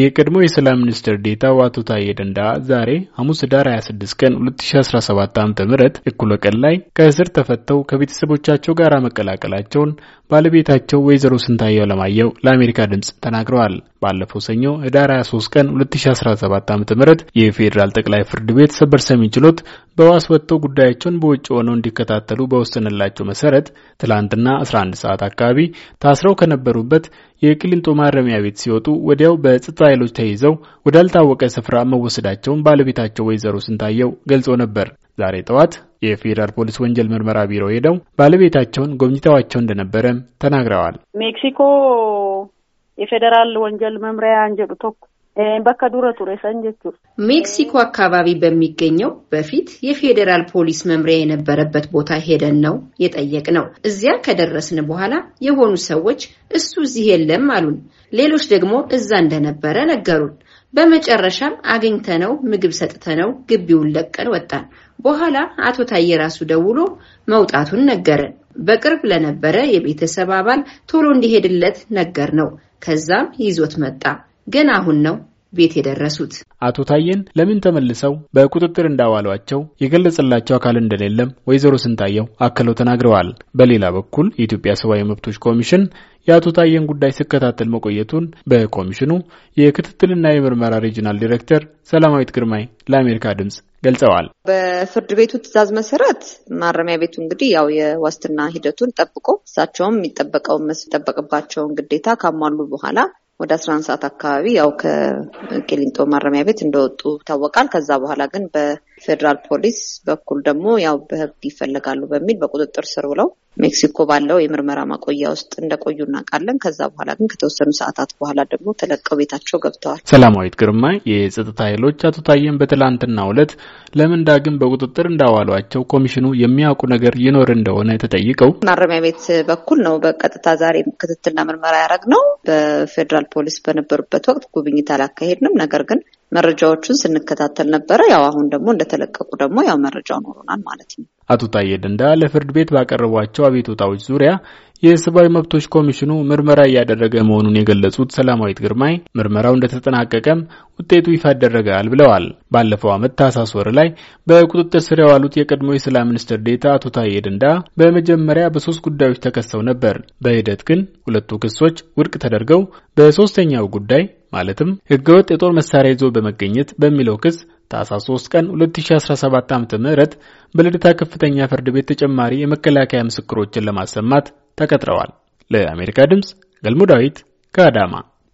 የቀድሞ የሰላም ሚኒስትር ዴኤታው አቶ ታዬ ዛሬ ሐሙስ ኅዳር 26 ቀን 2017 ዓ.ም እኩለ ቀን ላይ ከእስር ተፈተው ከቤተሰቦቻቸው ጋር መቀላቀላቸውን ባለቤታቸው ወይዘሮ ስንታየው ለማየው ለአሜሪካ ድምፅ ተናግረዋል። ባለፈው ሰኞ ዳር 23 ቀን 2017 ዓ.ም የፌዴራል ጠቅላይ ፍርድ ቤት ሰበር ሰሚ ችሎት በዋስ ወጥተው ጉዳያቸውን በውጭ ሆነው እንዲከታተሉ በወሰነላቸው መሰረት ትላንትና 11 ሰዓት አካባቢ ታስረው ከነበሩበት የቅሊንጦ ማረሚያ ቤት ሲወጡ ወዲያው በጸጥታ ኃይሎች ተይዘው ወዳልታወቀ ስፍራ መወሰዳቸውን ባለቤታቸው ወይዘሮ ስንታየው ገልጾ ነበር። ዛሬ ጠዋት የፌዴራል ፖሊስ ወንጀል ምርመራ ቢሮ ሄደው ባለቤታቸውን ጎብኝተዋቸው እንደነበረም ተናግረዋል። ሜክሲኮ የፌዴራል ወንጀል መምሪያ አንጀብ በከ eh, ዱረ ture san ሜክሲኮ አካባቢ በሚገኘው በፊት የፌዴራል ፖሊስ መምሪያ የነበረበት ቦታ ሄደን ነው የጠየቅ ነው። እዚያ ከደረስን በኋላ የሆኑ ሰዎች እሱ እዚህ የለም አሉን። ሌሎች ደግሞ እዛ እንደነበረ ነገሩን። በመጨረሻም አግኝተነው ምግብ ሰጥተነው ግቢውን ለቀን ወጣን። በኋላ አቶ ታዬ ራሱ ደውሎ መውጣቱን ነገረን። በቅርብ ለነበረ የቤተሰብ አባል ቶሎ እንዲሄድለት ነገር ነው። ከዛም ይዞት መጣ። ገና አሁን ነው ቤት የደረሱት። አቶ ታዬን ለምን ተመልሰው በቁጥጥር እንዳዋሏቸው የገለጸላቸው አካል እንደሌለም ወይዘሮ ስንታየው አክለው ተናግረዋል። በሌላ በኩል የኢትዮጵያ ሰብአዊ መብቶች ኮሚሽን የአቶ ታዬን ጉዳይ ሲከታተል መቆየቱን በኮሚሽኑ የክትትልና የምርመራ ሪጅናል ዲሬክተር ሰላማዊት ግርማይ ለአሜሪካ ድምጽ ገልጸዋል። በፍርድ ቤቱ ትዕዛዝ መሰረት ማረሚያ ቤቱ እንግዲህ ያው የዋስትና ሂደቱን ጠብቆ እሳቸውም የሚጠበቀውን የሚጠበቅባቸውን ግዴታ ካሟሉ በኋላ ወደ አስራ አንድ ሰዓት አካባቢ ያው ከቄሊንጦ ማረሚያ ቤት እንደወጡ ይታወቃል። ከዛ በኋላ ግን በ ፌዴራል ፖሊስ በኩል ደግሞ ያው በህግ ይፈልጋሉ በሚል በቁጥጥር ስር ብለው ሜክሲኮ ባለው የምርመራ ማቆያ ውስጥ እንደቆዩ እናውቃለን። ከዛ በኋላ ግን ከተወሰኑ ሰዓታት በኋላ ደግሞ ተለቀው ቤታቸው ገብተዋል። ሰላማዊት ግርማ የጸጥታ ኃይሎች አቶ ታየን በትላንትና ዕለት ለምን ዳግም በቁጥጥር እንዳዋሏቸው ኮሚሽኑ የሚያውቁ ነገር ይኖር እንደሆነ ተጠይቀው ማረሚያ ቤት በኩል ነው በቀጥታ ዛሬ ክትትልና ምርመራ ያደረግነው። በፌዴራል ፖሊስ በነበሩበት ወቅት ጉብኝት አላካሄድንም። ነገር ግን መረጃዎቹን ስንከታተል ነበረ። ያው አሁን ደግሞ እንደተለቀቁ ደግሞ ያው መረጃው ኖሮናል ማለት ነው። አቶ ታዬ ደንዳ ለፍርድ ቤት ባቀረቧቸው አቤቱታዎች ዙሪያ የሰብአዊ መብቶች ኮሚሽኑ ምርመራ እያደረገ መሆኑን የገለጹት ሰላማዊት ግርማይ ምርመራው እንደተጠናቀቀም ውጤቱ ይፋ ይደረጋል ብለዋል። ባለፈው ዓመት ታህሳስ ወር ላይ በቁጥጥር ስር የዋሉት የቀድሞ የሰላም ሚኒስትር ዴታ አቶ ታዬ ደንዳ በመጀመሪያ በሶስት ጉዳዮች ተከሰው ነበር። በሂደት ግን ሁለቱ ክሶች ውድቅ ተደርገው በሶስተኛው ጉዳይ ማለትም ህገወጥ የጦር መሳሪያ ይዞ በመገኘት በሚለው ክስ ታህሳስ 3 ቀን 2017 ዓ.ም በልደታ ከፍተኛ ፍርድ ቤት ተጨማሪ የመከላከያ ምስክሮችን ለማሰማት ተቀጥረዋል። ለአሜሪካ ድምፅ ገልሞ ዳዊት ከአዳማ